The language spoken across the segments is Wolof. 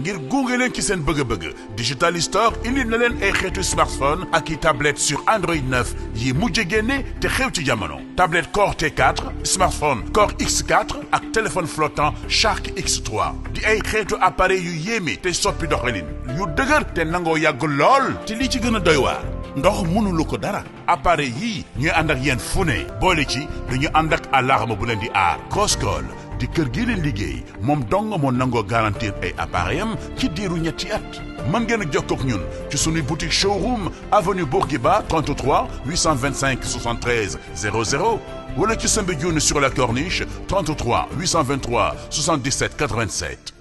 ngir gunge leen ci seen bëgg-bëgg digital store indil na leen ay xeetu smartphone ak i tablette sur Android 9 yi mu génne te xew ci jamono tablette Core te 4 smartphone Core x ak téléphone flottant Shark X3 di ay xeetu appareil yu yéeme te soppi doxalin yu dëgër te nangoo yàgg lool te li ci gën a doy waar ndox mënulu ko dara appareil yi ñu ànd ak yéen fu ne boole ci du ñu ànd ak alarme bu leen di aar Crosscall di kër gi leen liggéey moom dong moo nangoo garantir ay appareil am ci diiru ñetti at mën ngeen a jokkoo ñun ci suñuy boutique showroom avenue Bourguiba 33 825 73 00 wala ci Soumbédioune sur la corniche 33 823 77 87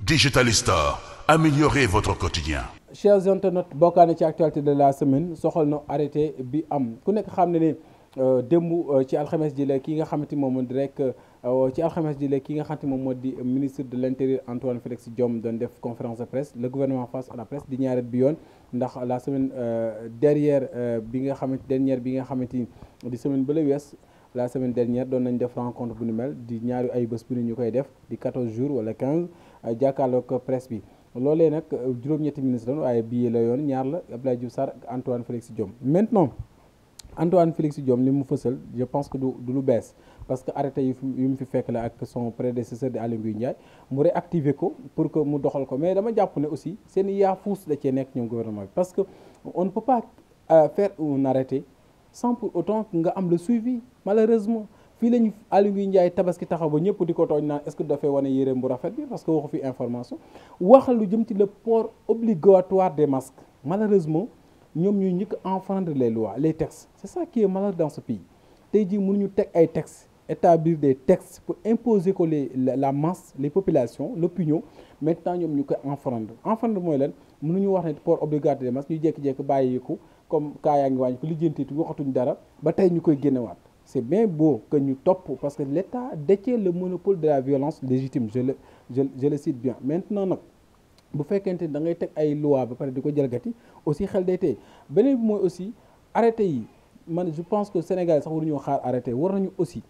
Digital Store améliorez votre quotidien chers internautes bokkaane ci actualité de la semaine soxal na arrêté bi am ku nekk xam ne ni Euh, démb euh, ci alxames ji la ki nga xamante moom moo di rek euh, ci alxames ki nga xamante moom moo di ministre de l'intérieur Antoine Félix Diome doon def conférence de presse le gouvernement face à la presse di ñaareel bi yoon ndax la semaine dernière bi nga xamante dernière bi nga xamante ni di semaine ba la wees la semaine dernière doon nañ def rencontre bu nu mel di ñaari ay bés bu ne ñu koy def di 14 jours wala 15 jàkkaarloog presse bi. loolee nag juróom-ñetti ministre la waaye bii la yoon ñaar la Abdoulaye Diouf Sarr ak Antoine Félix Diome Antoine Félix Diome li mu fësal je pense que du lu bees parce que arrêté yu mu fi fekk la ak son prédécesseur di Aly Ngouille Ndiaye mu réactiver ko pour que mu doxal ko mais dama jàpp ne aussi seen yaa fuus da cee nekk ñoom gouvernement bi parce que on ne peut pas euh, faire un arrêté sans pour nga am le suivi malheureusement fii lañu Aly Ngouille Ndiaye tabaski taxaw ba ñëpp di ko tooñ naan est-ce que dafay wane yéreem bu rafet bi parce que waxu fi information lu jëm ci le port obligatoire des masques malheureusement ñoom ñuy njëkk a enfreindre les lois les textes c'est ça qui est malade dans ce pays tey jii mënuñu teg ay textes établir des textes pour imposer ko les la masse les populations l'opinion maintenant ñoom ñu koy enfreindre enfreindre mooy leen lan mënuñu wax ne pour obligatoire des masques ñu jékki-jékki bàyyi ko comme kaa yaa ngi wàññi ko lijjantitu waxatuñ dara ba tey ñu koy génnewaat c'est bien boo que ñu topp parce que l'État détient le monopole de la violence légitime je le je, je le cite bien maintenant nag bu fekkente ni da ngay teg ay loi ba pare di ko jalgati aussi xel day tey beneen bi mooy aussi arrêté yi man je pense que Sénégal sax waruñoo xaar arrêté war nañu aussi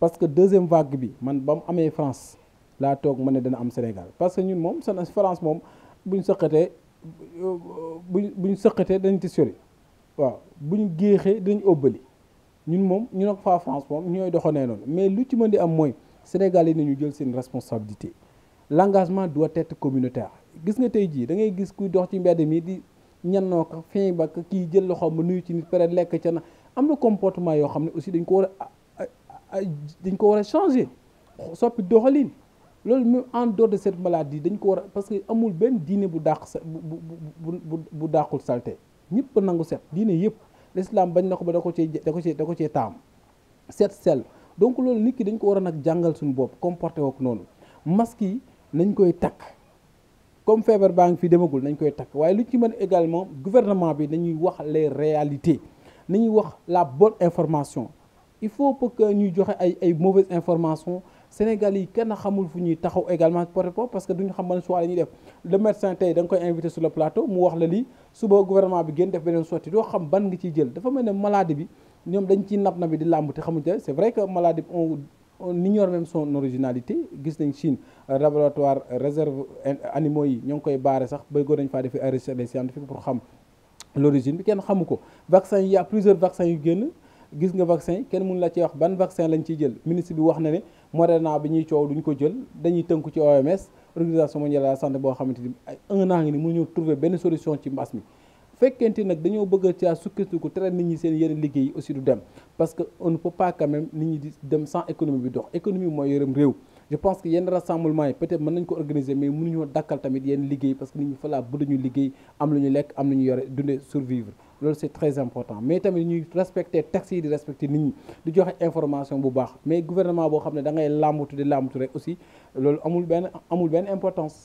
parce que deuxième vague bi man ba mu amee France laa toog ma ne dana am Sénégal parce que ñun moom seen France moom buñ sëqatee buñ buñ sëqatee dañ ci sori waaw buñ géexee dañ óbbali ñun moom ñun ak faa France moom ñooy doxanee noonu mais lu ci mën di am mooy Sénégal yi nañu jël seen responsabilité l'engagement doit être communautaire gis nga tey jii da ngay gis kuy dox ci mbedd mi di ñannoo ko fin ba kii jël loxo ma nuyu ci nit pare lekk ca na am na comportement yoo xam ne aussi dañ ko war a dañ ko war a changé soppi doxalin loolu même en dehors de cette maladie dañ ko war a parce que amul benn diine bu dàq sa bu bu bu bu dàqul salte ñëpp nangu set diine yëpp l'islam bañ na ko ba de ko cee da ko cee da ko cee taam set sell donc loolu nit ki dañ ko war a nag jàngal suñu bopp comporte woo ko noonu masque yi nañ koy takk. comme feebar baa ngi fi demagul nañ koy takk waaye lu ci mën également gouvernement bi nañuy wax les réalités nañuy wax la bonne information il faut pas que ñuy joxe ay ay mauvaise information Sénégal yi kenn xamul fu ñuy taxaw également par rapport parce que duñu xam ban choix la ñuy def le tey da koy invité sur le plateau mu wax la lii suba gouvernement bi gën def beneen sotti doo xam ban nga ciy jël dafa mel ne maladie bi ñoom dañ ciy nab na bi di làmb te xamuñ te c'est vrai que on ignore même son originalité gis nañ Chine euh, laboratoire euh, réserve euh, animaux yi ñoo ngi koy baare sax bëggoon nañ faa defee ay recherche scientifique pour xam l'origine bi kenn xamu ko vaccin yi y a plusieurs vaccins yu génn gis nga vaccin kenn mun la ci wax ban vaccin lañ ciy jël ministre bi wax na ne Moderna bi ñuy coow duñ ko jël dañuy tënku ci OMS organisation mondiale de la santé boo xamante ni ay un an ngi mu mënuñu trouver benn solution ci mbas mi fekkente nag dañoo bëgg a caa sukkandiku tere nit ñi seen yeneen liggéey yi aussi du dem parce que on ne peut pas quand même nit ñi di dem sans économie bi dox économie mooy yërëm réew je pense que yenn rassemblement yi peut-être mën nañ ko organiser mais mënuñoo dakkal tamit yenn liggéey parce que nit ñi fa laa bëgg ñu liggéey am lu ñu lekk am lu ñu dundee survivre loolu c'est très important mais tamit ñuy respecter taxes yi di respecter nit ñi di joxe information bu baax mais gouvernement boo xam ne da ngay làmbatu di làmbatu rek aussi loolu amul benn amul benn importance